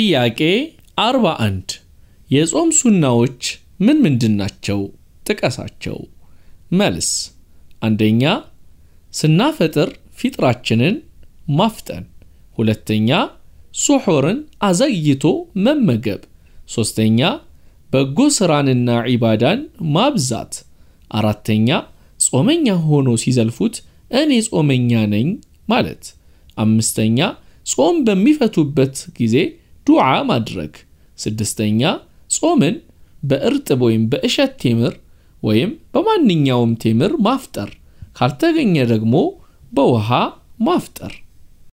ጥያቄ 41 የጾም ሱናዎች ምን ምንድን ናቸው? ጥቀሳቸው። መልስ፣ አንደኛ ስናፈጥር ፊጥራችንን ማፍጠን፣ ሁለተኛ ሱሑርን አዘግይቶ መመገብ፣ ሦስተኛ በጎ ሥራንና ዒባዳን ማብዛት፣ አራተኛ ጾመኛ ሆኖ ሲዘልፉት እኔ ጾመኛ ነኝ ማለት፣ አምስተኛ ጾም በሚፈቱበት ጊዜ ዱዓ ማድረግ። ስድስተኛ ጾምን በእርጥብ ወይም በእሸት ቴምር ወይም በማንኛውም ቴምር ማፍጠር ካልተገኘ ደግሞ በውሃ ማፍጠር